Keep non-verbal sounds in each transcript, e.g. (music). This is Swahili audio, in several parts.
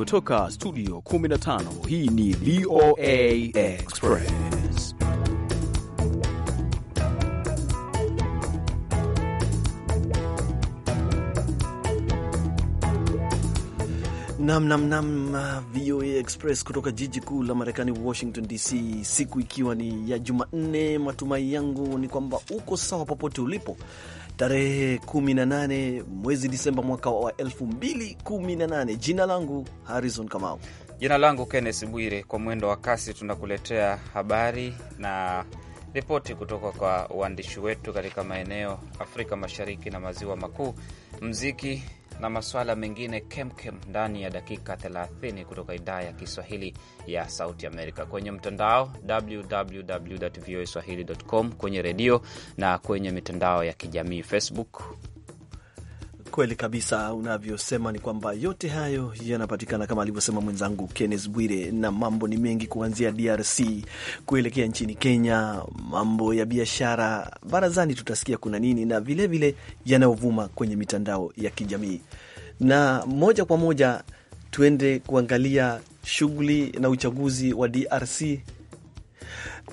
kutoka studio 15 hii ni VOA Express. Namnamnam VOA Express kutoka jiji kuu la Marekani, Washington DC, siku ikiwa ni ya Jumanne. Matumai yangu ni kwamba uko sawa popote ulipo tarehe 18 mwezi Disemba mwaka wa 2018. Jina langu Harrison Kamau. Jina langu Kenneth Bwire. Kwa mwendo wa kasi tunakuletea habari na ripoti kutoka kwa uandishi wetu katika maeneo Afrika Mashariki na Maziwa Makuu, mziki na masuala mengine kemkem ndani ya dakika 30 kutoka idhaa ya Kiswahili ya Sauti Amerika kwenye mtandao www voa swahili.com, kwenye redio na kwenye mitandao ya kijamii Facebook Kweli kabisa, unavyosema ni kwamba yote hayo yanapatikana kama alivyosema mwenzangu Kenneth Bwire, na mambo ni mengi kuanzia DRC kuelekea nchini Kenya, mambo ya biashara. Barazani tutasikia kuna nini, na vilevile yanayovuma kwenye mitandao ya kijamii. Na moja kwa moja tuende kuangalia shughuli na uchaguzi wa DRC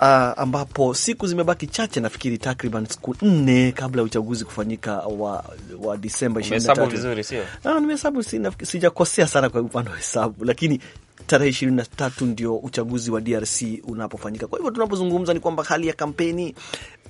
uh, ambapo siku zimebaki chache, nafikiri takriban siku nne kabla ya uchaguzi kufanyika wa, wa Disemba 23. Ah, nimehesabu sijakosea sana kwa upande wa hesabu, lakini tarehe 23 ndio uchaguzi wa DRC unapofanyika. Kwa hivyo tunapozungumza ni kwamba hali ya kampeni,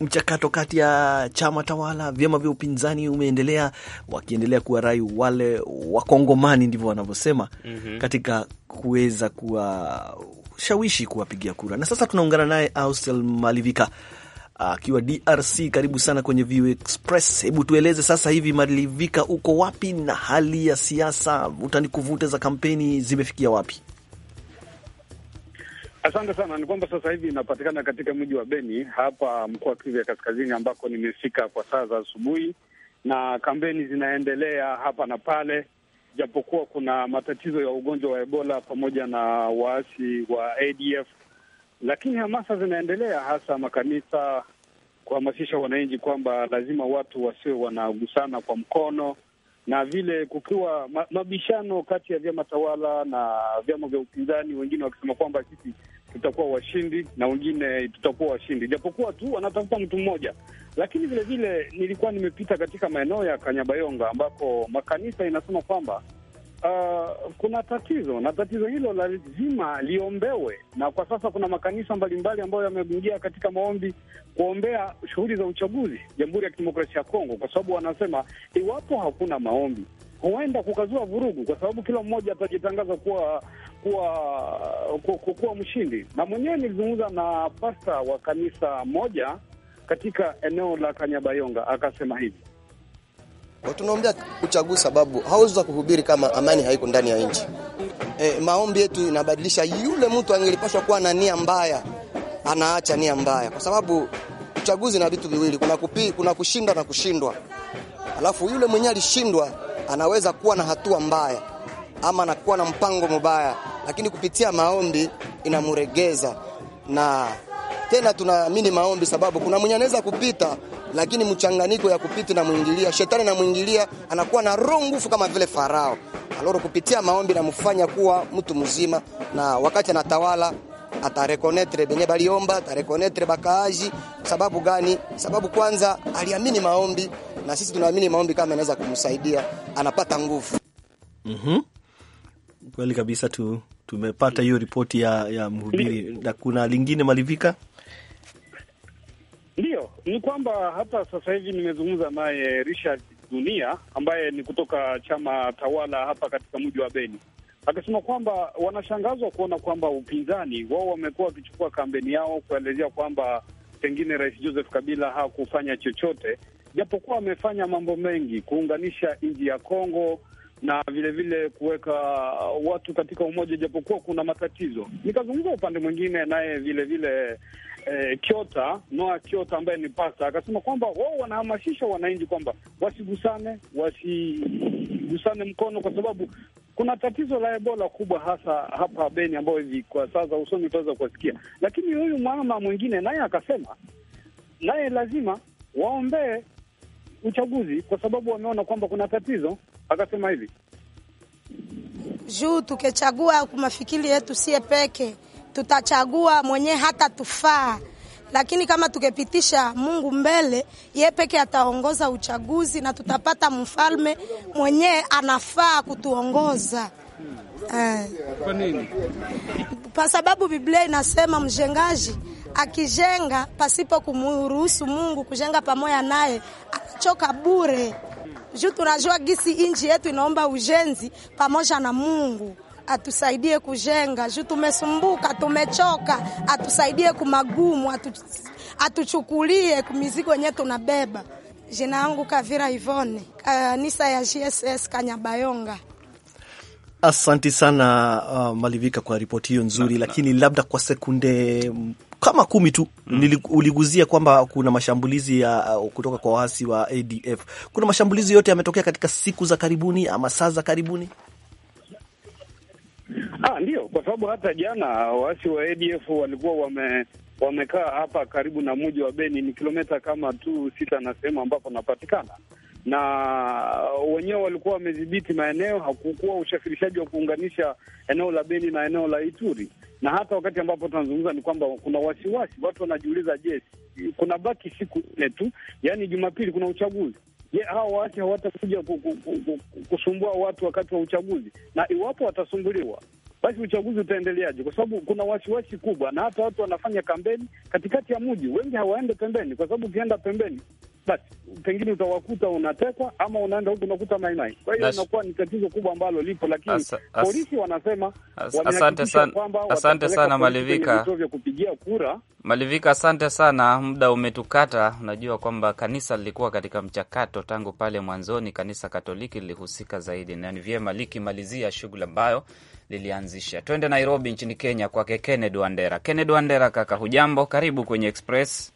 mchakato kati ya chama tawala, vyama vya upinzani umeendelea, wakiendelea kuwarai wale Wakongomani, ndivyo wanavyosema mm -hmm. katika kuweza kuwa kushawishi kuwapigia kura. Na sasa tunaungana naye Austel Malivika akiwa DRC. Karibu sana kwenye VU Express. Hebu tueleze sasa hivi, Malivika, uko wapi na hali ya siasa utani kuvute za kampeni zimefikia wapi? Asante sana. Ni kwamba sasa hivi inapatikana katika mji wa Beni hapa mkoa wa Kivu ya Kaskazini, ambako nimefika kwa saa za asubuhi, na kampeni zinaendelea hapa na pale japokuwa kuna matatizo ya ugonjwa wa Ebola pamoja na waasi wa ADF, lakini hamasa zinaendelea, hasa makanisa kuhamasisha wananchi kwamba lazima watu wasiwe wanagusana kwa mkono, na vile kukiwa mabishano kati ya vyama tawala na vyama vya upinzani, wengine wakisema kwamba sisi tutakuwa washindi na wengine tutakuwa washindi, japokuwa tu wanatafuta mtu mmoja. Lakini vilevile nilikuwa nimepita katika maeneo ya Kanyabayonga ambako makanisa inasema kwamba Uh, kuna tatizo na tatizo hilo lazima liombewe, na kwa sasa kuna makanisa mbalimbali ambayo yameingia katika maombi kuombea shughuli za uchaguzi Jamhuri ya Kidemokrasia ya Kongo, kwa sababu wanasema iwapo hakuna maombi huenda kukazua vurugu, kwa sababu kila mmoja atajitangaza kuwa kuwa, kuwa, kuwa mshindi. Na mwenyewe nilizungumza na pasta wa kanisa moja katika eneo la Kanyabayonga, akasema hivi: tunaombea uchaguzi sababu hauwezi kuhubiri kama amani haiko ndani ya nchi. E, maombi yetu inabadilisha. Yule mtu angelipashwa kuwa na nia mbaya, anaacha nia mbaya, kwa sababu uchaguzi na vitu viwili, kuna kupi, kuna kushinda na kushindwa. Alafu yule mwenyewe alishindwa anaweza kuwa na hatua mbaya ama anakuwa na mpango mbaya, lakini kupitia maombi inamuregeza. Na tena tunaamini maombi, sababu kuna mwenye anaweza kupita, lakini mchanganyiko ya kupita na mwingilia shetani na mwingilia, anakuwa na roho ngufu kama vile Farao. Aloro, kupitia maombi namfanya kuwa mtu mzima, na wakati anatawala atarekonetre benye baliomba, atarekonetre bakaaji. Sababu gani? Sababu kwanza aliamini maombi, na sisi tunaamini maombi kama inaweza kumsaidia, anapata nguvu. mm -hmm. Kweli kabisa tu, tumepata hiyo ripoti ya, ya mhubiri. Na kuna lingine malivika ndio ni kwamba hata sasa hivi nimezungumza naye Richard Dunia ambaye ni kutoka chama tawala hapa katika mji wa Beni, akisema kwamba wanashangazwa kuona kwamba upinzani wao wamekuwa wakichukua kampeni yao kuelezea kwamba pengine Rais Joseph Kabila hakufanya chochote, japokuwa amefanya mambo mengi kuunganisha nchi ya Kongo na vilevile kuweka watu katika umoja, japokuwa kuna matatizo. Nikazungumza upande mwingine naye vilevile eh, Kyota Noa Kyota ambaye ni pasta akasema kwamba wao wanahamasisha wananchi kwamba wasigusane, wasigusane mkono kwa sababu kuna tatizo la Ebola kubwa hasa hapa Beni, ambayo hivi kwa sasa usoni utaweza kuwasikia. Lakini huyu mama mwingine naye akasema naye lazima waombee uchaguzi, kwa sababu wameona kwamba kuna tatizo akasema hivi juu tukechagua kumafikiri yetu sie peke tutachagua mwenye hata tufaa, lakini kama tukepitisha Mungu mbele, ye peke ataongoza uchaguzi na tutapata mfalme mwenye anafaa kutuongoza. Eh. Kwa nini? Kwa sababu Biblia inasema mjengaji akijenga pasipo kumruhusu Mungu kujenga pamoja naye, anachoka bure juu tunajua gisi inji yetu inaomba ujenzi pamoja na Mungu atusaidie kujenga juu tumesumbuka, tumechoka, atusaidie kumagumu, atu, atuchukulie kumizigo yenyewe tunabeba. Jina yangu Kavira Ivone, kanisa eh, ya GSS Kanyabayonga. Asanti sana uh, Malivika kwa ripoti hiyo nzuri na, lakini na, labda kwa sekunde mm, kama kumi tu mm. Uliguzia kwamba kuna mashambulizi ya uh, kutoka kwa waasi wa ADF. Kuna mashambulizi yote yametokea katika siku za karibuni ama saa za karibuni? Ah, ndio, kwa sababu hata jana waasi wa ADF walikuwa wame wamekaa hapa karibu na mji wa Beni, ni kilomita kama tu sita na sehemu ambapo napatikana, na wenyewe walikuwa wamedhibiti maeneo. Hakukuwa usafirishaji wa kuunganisha eneo la Beni na eneo la Ituri, na hata wakati ambapo tunazungumza ni kwamba kuna wasiwasi, watu wanajiuliza, je, kuna baki siku nne tu, yaani Jumapili kuna uchaguzi. Je, hawa waasi hawatakuja kusumbua watu wakati wa uchaguzi? Na iwapo watasumbuliwa basi uchaguzi utaendeleaje? Kwa sababu kuna wasiwasi kubwa, na hata watu wanafanya kampeni katikati ya mji, wengi hawaende pembeni, kwa sababu ukienda pembeni basi pengine utawakuta unatekwa ama unaenda huku unakuta maimai. Kwa hiyo inakuwa ni tatizo kubwa ambalo lipo, lakini as, as, polisi wanasema wamehakikisha kwamba asante sana Malivika, vituo vya kupigia kura. Malivika, asante sana, muda umetukata. Unajua kwamba kanisa lilikuwa katika mchakato tangu pale mwanzoni, kanisa Katoliki lilihusika zaidi, na ni vyema likimalizia shughuli ambayo lilianzisha. Twende Nairobi nchini Kenya, kwake Kennedy Wandera. Kennedy Wandera, kaka hujambo? Karibu kwenye Express.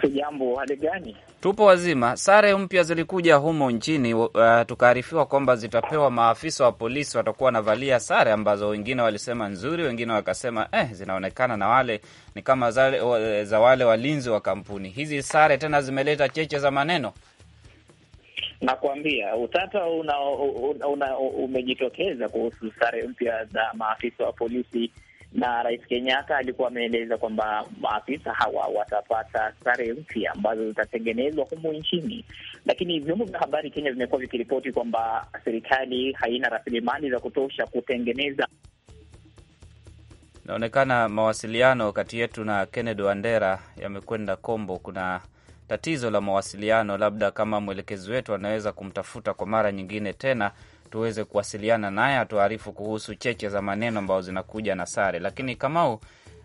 Sijambo, hali gani? Tupo wazima. Sare mpya zilikuja humo nchini uh, tukaarifiwa kwamba zitapewa maafisa wa polisi, watakuwa wanavalia sare ambazo wengine walisema nzuri, wengine wakasema eh, zinaonekana na wale ni kama zale, za wale walinzi wa kampuni hizi. Sare tena zimeleta cheche za maneno. Nakwambia utata una, una, una, umejitokeza kuhusu sare mpya za maafisa wa polisi na Rais Kenyatta alikuwa ameeleza kwamba maafisa hawa watapata sare mpya ambazo zitatengenezwa humu nchini, lakini vyombo vya habari Kenya vimekuwa vikiripoti kwamba serikali haina rasilimali za kutosha kutengeneza. Inaonekana mawasiliano kati yetu na Kennedy Wandera yamekwenda kombo. Kuna tatizo la mawasiliano, labda kama mwelekezi wetu anaweza kumtafuta kwa mara nyingine tena tuweze kuwasiliana naye atuarifu kuhusu cheche za maneno ambazo zinakuja na sare. Lakini Kamau,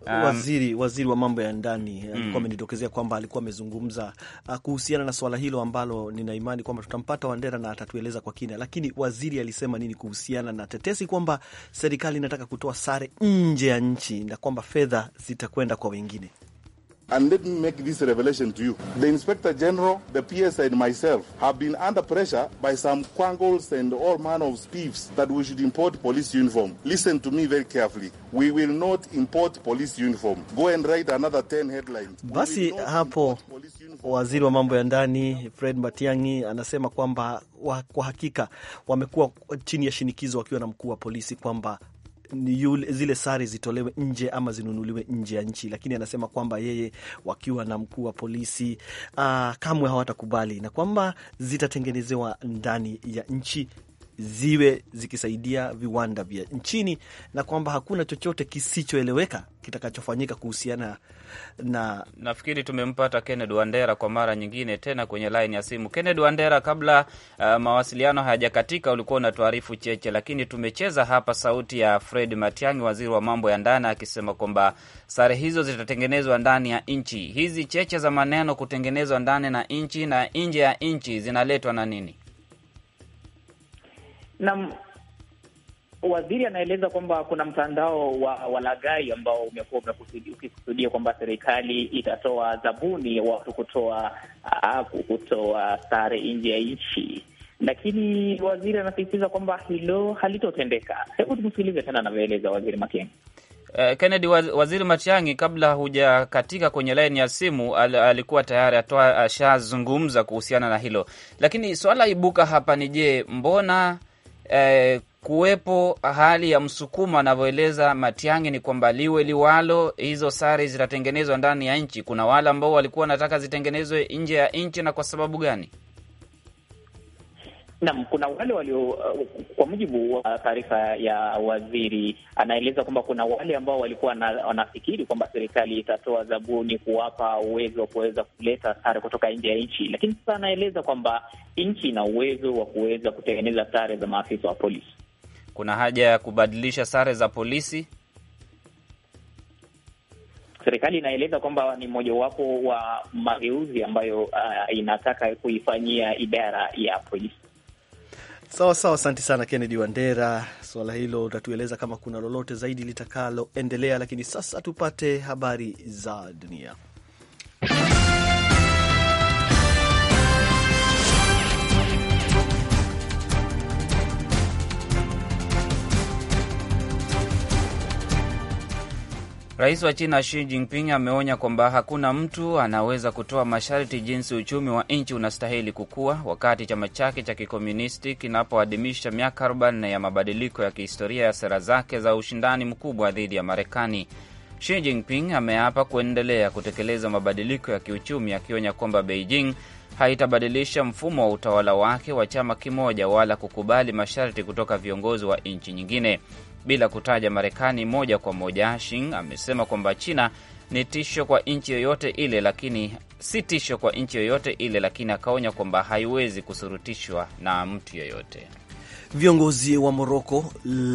Um, waziri waziri wa mambo ya ndani eh, mm, alikuwa amenitokezea kwamba alikuwa amezungumza uh, kuhusiana na swala hilo ambalo nina imani kwamba tutampata Wandera na atatueleza kwa kina. Lakini waziri alisema nini kuhusiana na tetesi kwamba serikali inataka kutoa sare nje ya nchi na kwamba fedha zitakwenda kwa wengine? And let me make this revelation to you. The Inspector General, the PS, and myself have been under pressure by some quangles and all manner of thieves that we should import police uniform. Listen to me very carefully. We will not import police uniform. Go and write another 10 headlines. Basi hapo waziri wa mambo ya ndani Fred Matiang'i anasema kwamba wa, kwa hakika wamekuwa chini ya shinikizo wakiwa na mkuu wa polisi kwamba yule, zile sare zitolewe nje ama zinunuliwe nje ya nchi, lakini anasema kwamba yeye wakiwa na mkuu wa polisi uh, kamwe hawatakubali na kwamba zitatengenezewa ndani ya nchi ziwe zikisaidia viwanda vya nchini na kwamba hakuna chochote kisichoeleweka kitakachofanyika kuhusiana na. Nafikiri tumempata Kennedy Wandera kwa mara nyingine tena kwenye laini ya simu. Kennedy Wandera, kabla uh, mawasiliano hayajakatika, ulikuwa unatuarifu cheche, lakini tumecheza hapa sauti ya Fred Matiang'i, waziri wa mambo ya ndani, akisema kwamba sare hizo zitatengenezwa ndani ya nchi. Hizi cheche za maneno kutengenezwa ndani na nchi na nje ya nchi zinaletwa na nini? na waziri anaeleza kwamba kuna mtandao wa walagai ambao umekuwa ukikusudia kwamba serikali itatoa zabuni watu kutoa kutoa sare nje ya nchi, lakini waziri anasisitiza kwamba hilo halitotendeka. Hebu tumsikilize tena anavyoeleza waziri Makeni. Uh, eh, Kennedy, waziri Matiang'i kabla hujakatika kwenye laini ya simu al, alikuwa tayari ashazungumza kuhusiana na hilo, lakini swala ibuka hapa ni je, mbona eh, kuwepo hali ya msukuma, anavyoeleza Matiang'i ni kwamba liwe liwalo, hizo sare zitatengenezwa ndani ya nchi. Kuna wale ambao walikuwa wanataka zitengenezwe nje ya nchi, na kwa sababu gani? Naam, kuna wale walio uh, kwa mujibu wa taarifa ya waziri anaeleza kwamba kuna wale ambao walikuwa wanafikiri kwamba serikali itatoa zabuni kuwapa uwezo wa kuweza kuleta sare kutoka nje ya nchi, lakini sasa anaeleza kwamba nchi ina uwezo wa kuweza kutengeneza sare za maafisa wa polisi. Kuna haja ya kubadilisha sare za polisi. Serikali inaeleza kwamba ni mojawapo wa mageuzi ambayo uh, inataka kuifanyia idara ya polisi. Sawa sawa, asante sana Kennedy Wandera. Swala hilo utatueleza kama kuna lolote zaidi litakaloendelea, lakini sasa tupate habari za dunia. Rais wa China Xi Jinping ameonya kwamba hakuna mtu anaweza kutoa masharti jinsi uchumi wa nchi unastahili kukua, wakati chama chake cha kikomunisti kinapoadhimisha miaka 40 ya mabadiliko ya kihistoria ya sera zake za ushindani mkubwa dhidi ya Marekani. Xi Jinping ameapa kuendelea kutekeleza mabadiliko ya kiuchumi, akionya kwamba Beijing haitabadilisha mfumo wa utawala wake wa chama kimoja wala kukubali masharti kutoka viongozi wa nchi nyingine. Bila kutaja Marekani moja kwa moja, Shing amesema kwamba China ni tisho kwa nchi yoyote ile, lakini si tisho kwa nchi yoyote ile, lakini akaonya kwamba haiwezi kusurutishwa na mtu yoyote. Viongozi wa Moroko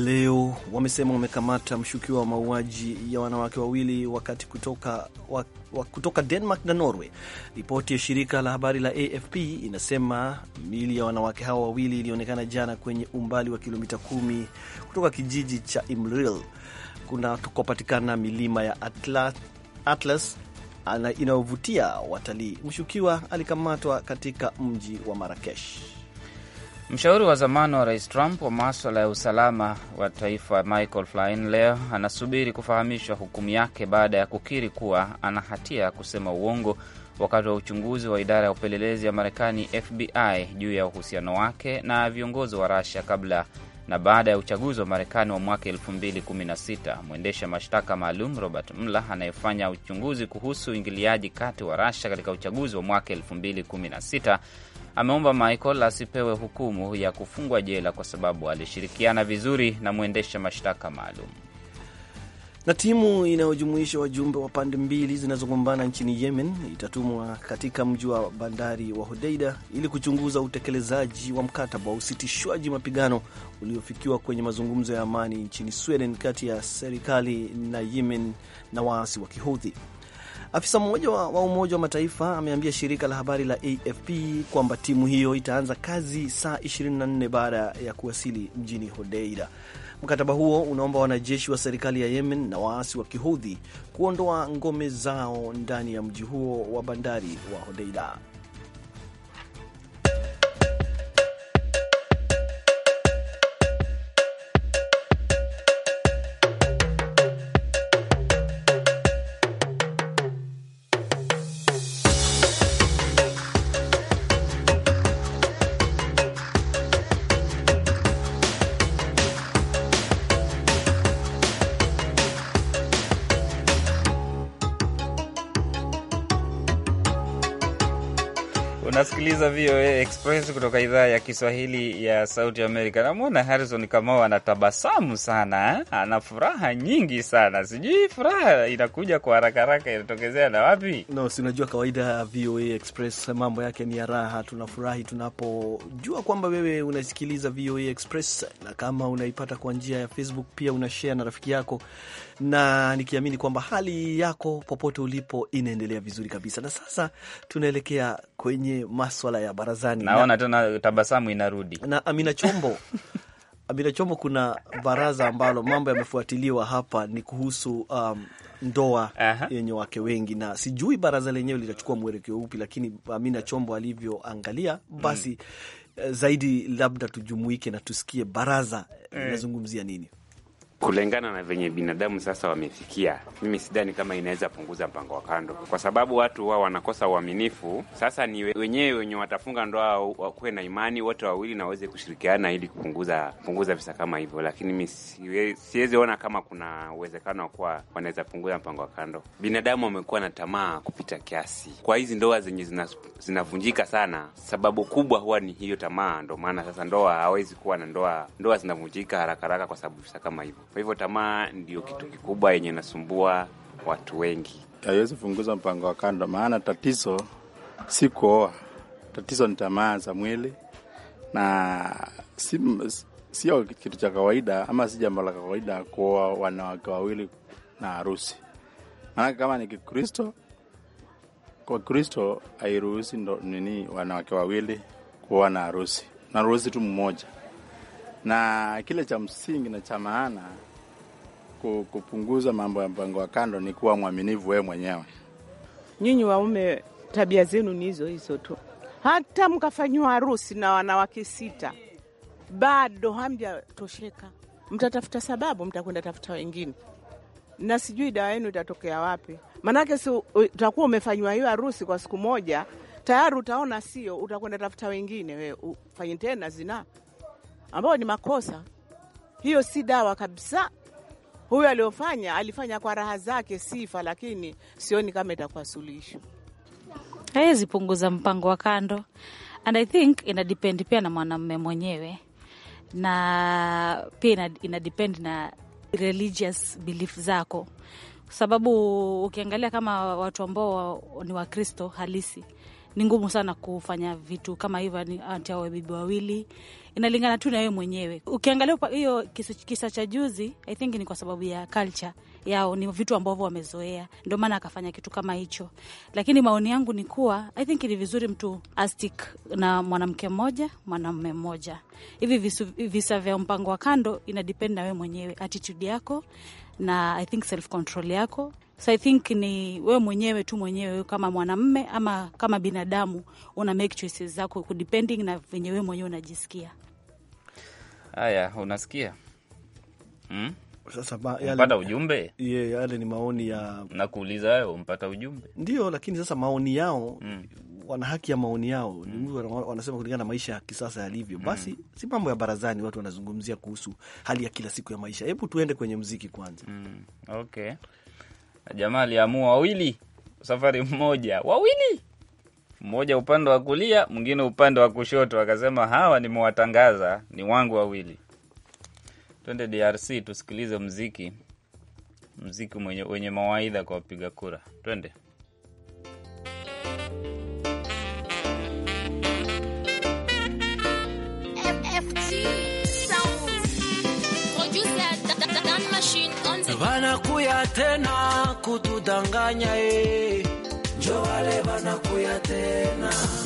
leo wamesema wamekamata mshukiwa wa mauaji ya wanawake wawili wakati kutoka, wa, wa, kutoka Denmark na Norway. Ripoti ya shirika la habari la AFP inasema miili ya wanawake hawa wawili ilionekana jana kwenye umbali wa kilomita kumi kutoka kijiji cha Imril kunakopatikana milima ya Atlas, Atlas inayovutia watalii. Mshukiwa alikamatwa katika mji wa Marakesh. Mshauri wa zamani wa rais Trump wa maswala ya usalama wa taifa Michael Flynn leo anasubiri kufahamishwa hukumu yake baada ya kukiri kuwa ana hatia ya kusema uongo wakati wa uchunguzi wa idara ya upelelezi ya Marekani FBI juu ya uhusiano wake na viongozi wa Russia kabla na baada ya uchaguzi wa Marekani wa mwaka 2016. Mwendesha mashtaka maalum Robert Mueller anayefanya uchunguzi kuhusu uingiliaji kati wa rasha katika uchaguzi wa mwaka 2016 ameomba Michael asipewe hukumu ya kufungwa jela kwa sababu alishirikiana vizuri na mwendesha mashtaka maalum. Na timu inayojumuisha wajumbe wa pande mbili zinazogombana nchini Yemen itatumwa katika mji wa bandari wa Hodeida ili kuchunguza utekelezaji wa mkataba wa usitishwaji mapigano uliofikiwa kwenye mazungumzo ya amani nchini Sweden kati ya serikali na Yemen na waasi wa Kihouthi. Afisa mmoja wa Umoja wa Mataifa ameambia shirika la habari la AFP kwamba timu hiyo itaanza kazi saa 24 baada ya kuwasili mjini Hodeida. Mkataba huo unaomba wanajeshi wa serikali ya Yemen na waasi wa Kihudhi kuondoa ngome zao ndani ya mji huo wa bandari wa Hodeida. Express kutoka idhaa ya Kiswahili ya Sauti Amerika. Namwona Harrison Kamau anatabasamu sana, eh? ana furaha nyingi sana. Sijui furaha inakuja kwa haraka haraka, inatokezea na wapi? No, si unajua kawaida VOA Express mambo yake ni ya raha. Tunafurahi tunapojua kwamba wewe unasikiliza VOA Express, na kama unaipata kwa njia ya Facebook pia unashare na rafiki yako, na nikiamini kwamba hali yako popote ulipo inaendelea vizuri kabisa. Na sasa tunaelekea kwenye maswala ya barazani. Na naona tena tabasamu inarudi. Na Amina Chombo (laughs) Amina Chombo, kuna baraza ambalo mambo yamefuatiliwa hapa ni kuhusu um, ndoa yenye wake wengi, na sijui baraza lenyewe litachukua mwelekeo upi, lakini Amina Chombo alivyoangalia basi mm. Eh, zaidi labda tujumuike na tusikie baraza linazungumzia eh, eh. mm. nini kulingana na venye binadamu sasa wamefikia, mimi sidhani kama inaweza punguza mpango wa kando, kwa sababu watu wao wanakosa uaminifu. Sasa ni wenyewe wenye watafunga ndoa wakuwe na imani wote wawili na waweze kushirikiana ili kupunguza punguza visa kama hivyo, lakini mi siwezi ona kama kuna uwezekano wa kuwa wanaweza punguza mpango wa kando. Binadamu wamekuwa na tamaa kupita kiasi, kwa hizi ndoa zenye zinavunjika zina sana, sababu kubwa huwa ni hiyo tamaa. Ndo maana sasa ndoa hawezi kuwa na ndoa, ndoa zinavunjika haraka haraka kwa sababu visa kama hivyo. Kwa hivyo tamaa ndio kitu kikubwa yenye nasumbua watu wengi. Haiwezi punguza mpango wa kando, maana tatizo si kuoa, tatizo ni tamaa za mwili na si, sio kitu cha kawaida ama si jambo la kawaida kuoa wanawake wawili na harusi. Maanake kama ni Kikristo, kwa Kristo hairuhusi ndo nini wanawake wawili kuoa na harusi, na harusi tu mmoja na kile cha msingi na cha maana kupunguza mambo ya mpango wa kando ni kuwa mwaminivu wewe mwenyewe. Nyinyi waume, tabia zenu ni hizo hizo tu, hata mkafanyiwa harusi na wanawake sita bado hamjatosheka, mtatafuta sababu, mtakwenda tafuta wengine, na sijui dawa yenu itatokea wapi. Maanake si utakuwa umefanyiwa hiyo harusi kwa siku moja, tayari utaona sio, utakwenda tafuta wengine, we ufanye tena zinaa ambayo ni makosa. Hiyo si dawa kabisa. Huyo aliofanya alifanya kwa raha zake, sifa, lakini sioni kama itakuwa suluhisho. Hawezi punguza mpango wa kando, and I think ina pia na mwanamume mwenyewe, na pia ina na religious belief zako, kwa sababu ukiangalia kama watu ambao ni Wakristo halisi ni ngumu sana kufanya vitu kama hivyo, ati awe bibi wawili inalingana tu na wewe mwenyewe. Ukiangalia hiyo kisa cha juzi, I think ni kwa sababu ya culture yao ni vitu ambavyo wamezoea, ndio maana akafanya kitu kama hicho. Lakini maoni yangu ni kuwa I think ni vizuri mtu astik na mwanamke mmoja, mwanamume mmoja. Hivi visa vya mpango wa kando ina depend na wewe mwenyewe, attitude yako na I think self control yako. So I think ni wewe mwenyewe tu mwenyewe kama mwanamme ama kama binadamu una make choices zako kudepending na venye wewe mwenyewe unajisikia. Haya, unasikia hmm? Sasa ujumbe ye, yale ni maoni ya nakuuliza hayo, mpata ujumbe ndio, lakini sasa maoni yao mm. wana haki ya maoni yao mm. wanasema kulingana na maisha ya kisasa yalivyo, mm. basi mm. si mambo ya barazani, watu wanazungumzia kuhusu hali ya kila siku ya maisha. Hebu tuende kwenye mziki kwanza mm. okay. Jamaa aliamua wawili safari mmoja, wawili mmoja upande wa kulia, mwingine upande wa kushoto, akasema hawa nimewatangaza, ni wangu wawili Twende DRC tusikilize mziki, mziki mwenye, wenye mawaidha kwa wapiga kura. Twende. Banakuya tena kutudanganya e. Njo wale banakuya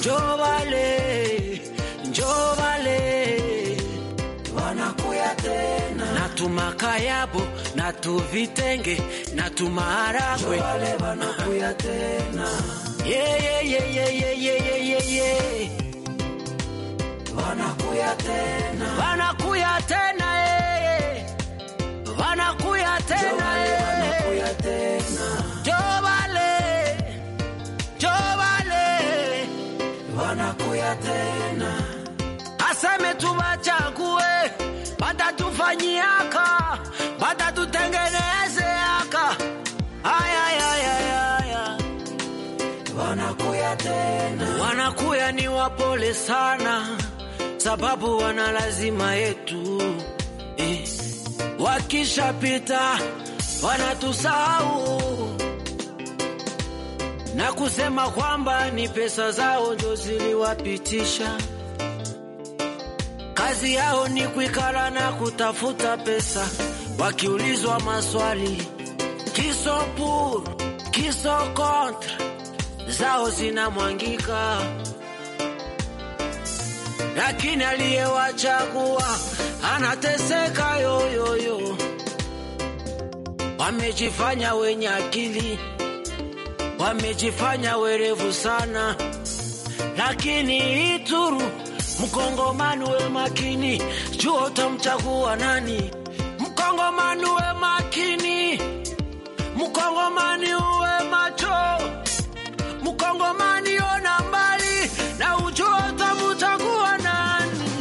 Njo wale. Njo wale na tumakayabo na tuvitenge na tumaharagwe wanakuya tena, wanakuya tena, jovale, jovale, wanakuya tena Usiseme tu bachague, batatufanyiaka, batatutengenezeaka. Ayayayaya, wanakuya tena, wanakuya ni wapole sana, sababu wana lazima yetu eh. Wakishapita wanatusahau na kusema kwamba ni pesa zao ndio ziliwapitisha kazi yao ni kuikala na kutafuta pesa, wakiulizwa maswali pour kiso contre, zao zinamwangika, lakini aliyewachagua anateseka yoyoyo. Wamejifanya wenye akili, wamejifanya werevu sana, lakini ituru Mkongomani we makini, jua utamchagua nani. Mkongomani we makini, Mkongomani uwe macho, Mkongomani ona mbali na ujua utamchagua nani.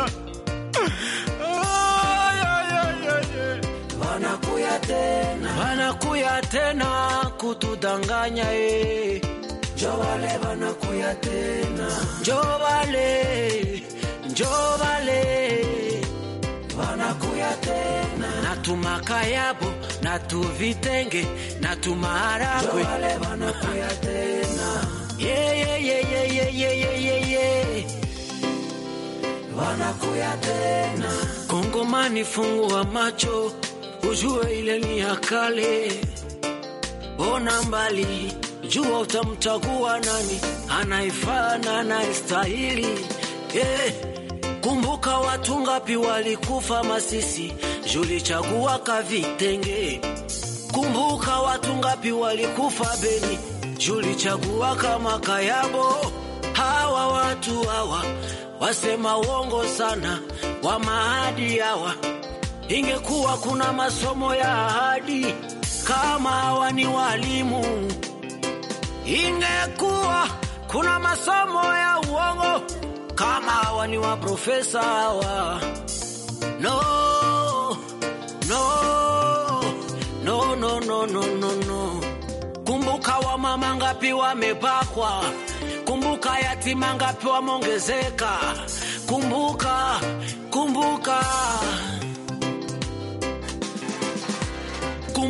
Hey. (laughs) tena, wanakuya tena kutudanganya eh. Njo wanakuya tena, njo wale, wanakuya tena na tumakayabo na tuvitenge na tumaharagwe wale wanakuya tena yeah, Wanakuya tena Kongomani, fungua macho ujue ile ni ya kale, ona mbali, jua utamtagua nani anayefaa na anayestahili. Eh, kumbuka watu ngapi walikufa Masisi, julichagua kavitenge. Kumbuka watu ngapi walikufa Beni, julichagua kama Kayabo. Hawa watu hawa wasema uongo sana, wa maadi hawa ingekuwa kuna masomo ya ahadi kama hawa ni walimu, ingekuwa kuna masomo ya uongo kama hawa ni waprofesa hawa. No, no, no, no, no, no, no. Kumbuka wamama ngapi wamepakwa, kumbuka yatima ngapi wameongezeka, kumbuka, kumbuka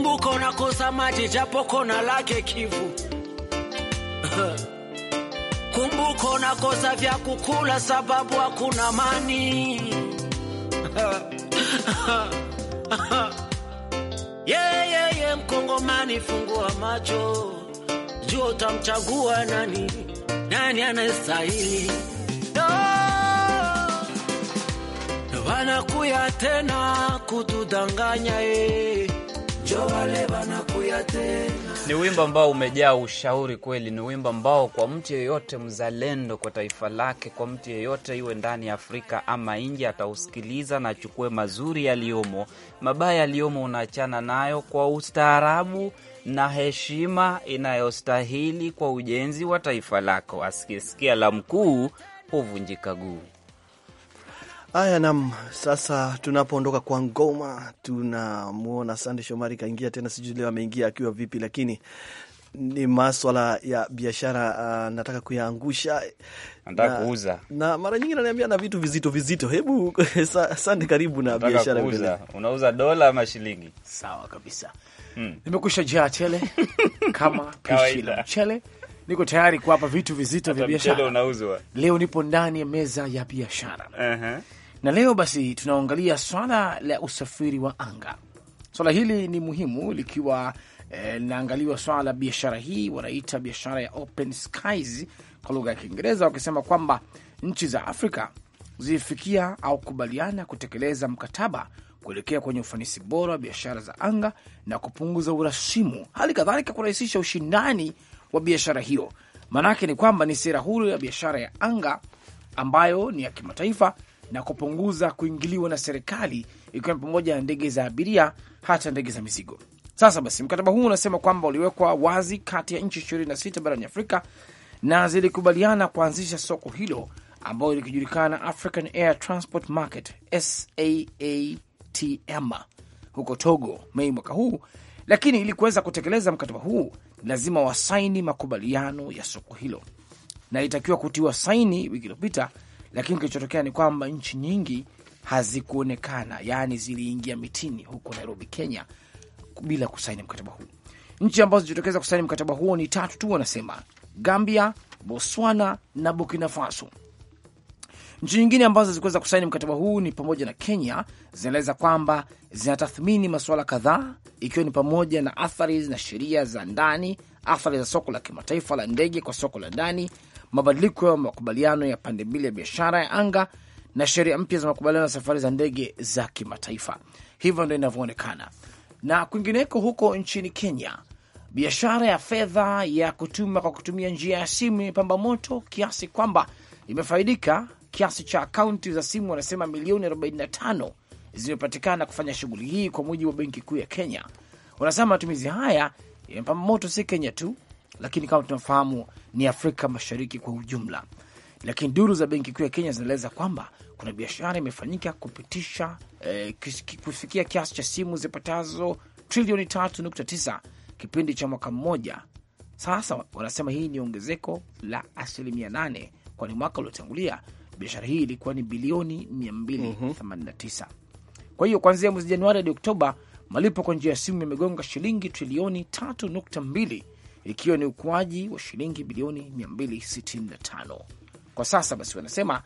Kumbuka unakosa maji japo kona lake Kivu. (laughs) Kumbuka unakosa vya kukula sababu hakuna mani. (laughs) Yeah, yeah, yeah, Mkongomani, fungua macho, jua utamchagua nani, nani anastahili. Wanakuya tena kutudanganya eh. Ni wimbo ambao umejaa ushauri kweli. Ni wimbo ambao kwa mtu yeyote mzalendo kwa taifa lake, kwa mtu yeyote iwe ndani ya Afrika ama nje, atausikiliza na achukue mazuri yaliyomo, mabaya yaliyomo unaachana nayo kwa ustaarabu na heshima inayostahili kwa ujenzi wa taifa lako. Asikisikia la mkuu huvunjika guu. Haya, nam, sasa tunapoondoka kwa ngoma, tunamwona Sande Shomari kaingia tena, sijui leo ameingia akiwa vipi, lakini ni maswala ya biashara uh, nataka kuyaangusha na, kuuza. Na mara nyingi naniambia na vitu vizito vizito. Hebu (laughs) Sande, karibu na biashara Unauza dola ama shilingi? Sawa kabisa, hmm. Nimekusha jaa tele (laughs) kama pishi la mchele niko tayari kuwapa vitu vizito vya biashara. Leo nipo ndani ya meza ya biashara uh -huh. Na leo basi tunaangalia swala la usafiri wa anga. Swala hili ni muhimu likiwa eh, linaangaliwa e, swala la biashara hii, wanaita biashara ya open skies kwa lugha ya Kiingereza, wakisema kwamba nchi za Afrika zilifikia au kubaliana kutekeleza mkataba kuelekea kwenye ufanisi bora wa biashara za anga na kupunguza urasimu, hali kadhalika kurahisisha ushindani wa biashara hiyo. Maanake ni kwamba ni sera huru ya biashara ya anga ambayo ni ya kimataifa na kupunguza kuingiliwa na serikali, ikiwa ni pamoja na ndege za abiria, hata ndege za mizigo. Sasa basi, mkataba huu unasema kwamba uliwekwa wazi kati ya nchi sita barani Afrika na zilikubaliana kuanzisha soko hilo ambayo likijulikana African Air Transport Market SAATM huko Togo Mei mwaka huu. Lakini ili kuweza kutekeleza mkataba huu lazima wasaini makubaliano ya soko hilo, na ilitakiwa kutiwa saini wiki iliyopita lakini kilichotokea ni kwamba nchi nyingi hazikuonekana, yaani ziliingia mitini huko Nairobi, Kenya, bila kusaini mkataba huu. Nchi ambazo zilijitokeza kusaini mkataba huo ni tatu tu, wanasema Gambia, Botswana na Burkina Faso. Nchi nyingine ambazo zikuweza kusaini mkataba huu ni pamoja na Kenya, zinaeleza kwamba zinatathmini masuala kadhaa, ikiwa ni pamoja na athari na sheria za ndani, athari za soko la kimataifa la ndege kwa soko la ndani, mabadiliko ya makubaliano ya pande mbili ya biashara ya anga na sheria mpya za makubaliano ya safari za ndege za kimataifa. Hivyo ndo inavyoonekana. Na kwingineko huko nchini Kenya, biashara ya fedha ya kutuma kwa kutumia njia ya simu imepamba moto kiasi kwamba imefaidika kiasi cha akaunti za simu wanasema milioni 45 zimepatikana kufanya shughuli hii, kwa mujibu wa benki kuu ya Kenya. Wanasema matumizi haya yamepamba moto si Kenya tu, lakini kama tunafahamu ni Afrika Mashariki kwa ujumla. Lakini duru za benki kuu ya Kenya zinaeleza kwamba kuna biashara imefanyika kupitisha eh, kufikia kiasi cha simu zipatazo trilioni 3.9 kipindi cha mwaka mmoja sasa. Wanasema hii ni ongezeko la asilimia 8, kwani mwaka uliotangulia biashara hii ilikuwa ni bilioni 289. Mhm. Kwa hiyo kuanzia mwezi Januari hadi Oktoba, malipo kwa njia ya simu yamegonga shilingi trilioni 3.2 ikiwa ni ukuaji wa shilingi bilioni 265. Kwa sasa basi, wanasema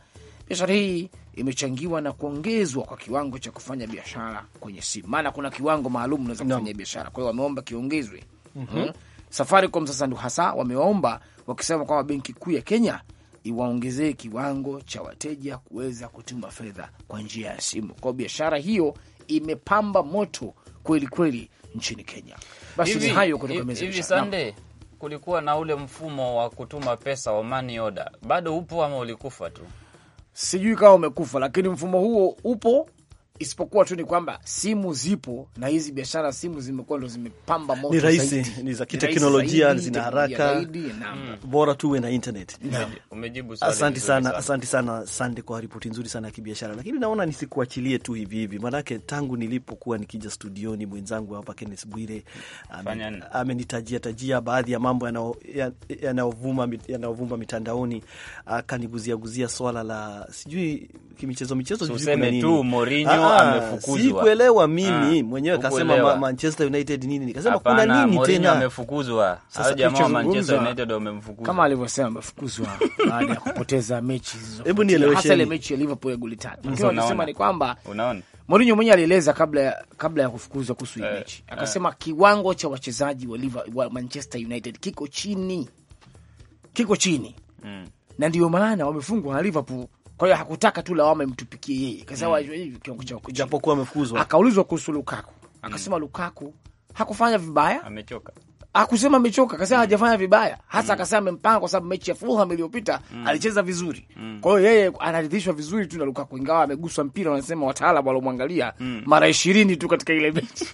biashara hii imechangiwa na kuongezwa kwa kiwango cha kufanya biashara kwenye simu, maana kuna kiwango maalum unaweza kufanya no. biashara. Kwa hiyo wameomba kiongezwe. mm -hmm. hmm. Safaricom sasa ndo hasa wameomba wakisema kwamba benki kuu ya Kenya iwaongezee kiwango cha wateja kuweza kutuma fedha kwa njia ya simu. Kwao biashara hiyo imepamba moto kweli kweli nchini Kenya. Basi ni hayo kutoka meza hivi sande kulikuwa na ule mfumo wa kutuma pesa wa money order, bado upo ama ulikufa tu? Sijui kama umekufa, lakini mfumo huo upo isipokuwa tu ni kwamba simu zipo na hizi biashara simu zimekuwa ndo zimepamba moto, ni rahisi, ni za kiteknolojia, zina haraka, mm. bora tu uwe na internet. Asante sana, asante sana Sande kwa ripoti nzuri sana ya kibiashara, lakini naona nisikuachilie tu hivi hivi, maanake tangu nilipokuwa nikija studioni mwenzangu hapa Kenneth Bwire amenitajia tajia baadhi ya mambo yanayovuma yanayovuma mitandaoni, akaniguziaguzia swala la sijui kimichezo michezo, tu Mourinho ah, Mourinho amefukuzwa. Si kuelewa mimi ah, mwenyewe kasema ma Manchester United nini, nikasema kuna nini Mourinho tena amefukuzwa. Sasa jamaa wa Manchester United wamemfukuza kama alivyosema, amefukuzwa (laughs) baada ya kupoteza mechi hizo. Hebu nielewesheni, hasa ile mechi ya Liverpool ya goli tatu, Lakini wanasema ni kwamba unaona Mourinho mwenyewe alieleza kabla, kabla ya kufukuzwa kuhusu hii eh, mechi eh. akasema eh, kiwango cha wachezaji wa, wa Manchester United kiko chini, kiko chini mm, na ndio maana wamefungwa na Liverpool kwa hiyo hakutaka tu lawama imtupikie yeye, kwa sababu mm. cha japokuwa amefukuzwa. Akaulizwa kuhusu Lukaku akasema, mm. Lukaku hakufanya vibaya, amechoka Akusema amechoka, akasema mm. hajafanya mm. vibaya hasa, mm. akasema amempanga kwa sababu mechi ya Fulham iliyopita mm. alicheza vizuri mm. kwa hiyo yeye anaridhishwa vizuri tu na Lukaku, ingawa ameguswa mpira, wanasema wataalamu walomwangalia mm. mara ishirini tu katika ile mechi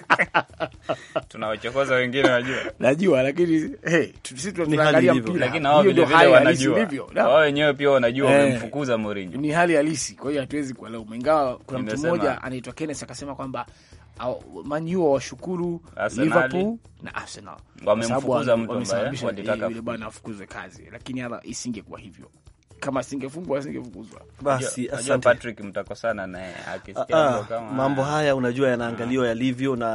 (laughs) tunawachokoza wengine, najua najua, lakini hey, sisi tunaangalia mpira, lakini hao vile vile wanajua wao wenyewe pia wanajua hey. Eh. wamemfukuza Mourinho. Ni hali halisi, kwa hiyo hatuwezi kuelewa, ingawa kuna mtu mmoja anaitwa Kenneth akasema kwamba Manua washukuru Liverpool na Arsenal, wamemfukuza mtu ambaye walitaka yule kazi, lakini hala isingekuwa hivyo kama asingefungwa asingefunguzwa. Basi asante Patrick, mtakosana naye akisikia ah, ah, kama mambo haya, unajua yanaangaliwa ah. yalivyo na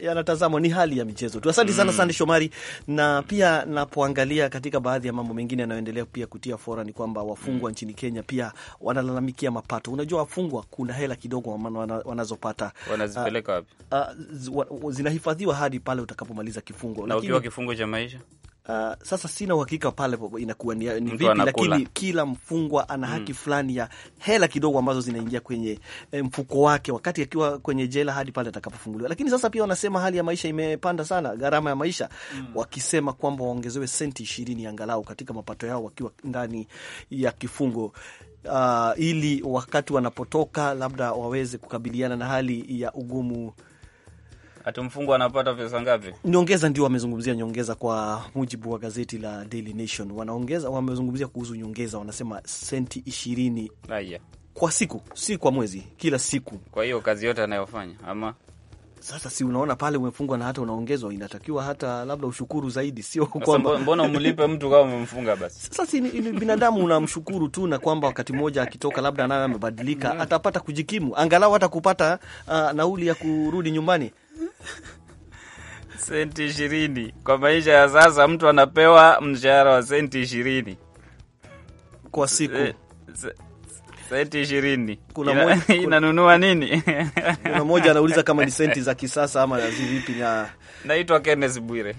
yanatazamwa, ya, ya, ya ni hali ya michezo tu. Asante sana mm. Sande Shomari, na pia napoangalia katika baadhi ya mambo mengine yanayoendelea pia kutia fora ni kwamba wafungwa mm. nchini Kenya pia wanalalamikia mapato. Unajua wafungwa kuna hela kidogo wanazopata, wanazipeleka wapi? Zinahifadhiwa hadi pale utakapomaliza kifungo, lakini kifungo cha maisha Uh, sasa sina uhakika pale inakuwa ni, ni vipi, lakini kila mfungwa ana mm. haki mm, fulani ya hela kidogo ambazo zinaingia kwenye eh, mfuko wake wakati akiwa kwenye jela hadi pale atakapofunguliwa. Lakini sasa pia wanasema hali ya maisha imepanda sana, gharama ya maisha mm, wakisema kwamba waongezewe senti ishirini angalau katika mapato yao wakiwa ndani ya kifungo. Uh, ili wakati wanapotoka labda waweze kukabiliana na hali ya ugumu Ati mfungwa anapata pesa ngapi? Nyongeza ndio wamezungumzia nyongeza, kwa mujibu wa gazeti la Daily Nation. Wanaongeza, wamezungumzia kuhusu nyongeza, wanasema senti ishirini kwa siku, si kwa mwezi, kila siku. Kwa hiyo kazi yote anayofanya ama sasa si unaona pale umefungwa na hata unaongezwa, inatakiwa hata labda ushukuru zaidi, sio kwamba mbona umlipe mtu kama umemfunga basi. (laughs) Sasa si ni, ni binadamu, unamshukuru tu, na kwamba wakati mmoja akitoka labda naye amebadilika, mm. atapata kujikimu angalau hata kupata uh, nauli ya kurudi nyumbani. (laughs) senti ishirini kwa maisha ya sasa, mtu anapewa mshahara wa senti ishirini kwa siku se, eh, se, senti ishirini (laughs) inanunua nini? (laughs) Kuna moja anauliza kama ni senti za kisasa ama zivipi. Na naitwa Kenneth Bwire,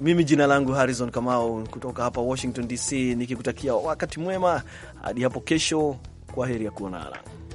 mimi jina langu Harrison Kamau kutoka hapa Washington DC, nikikutakia wakati mwema hadi hapo kesho. Kwa heri ya kuonana.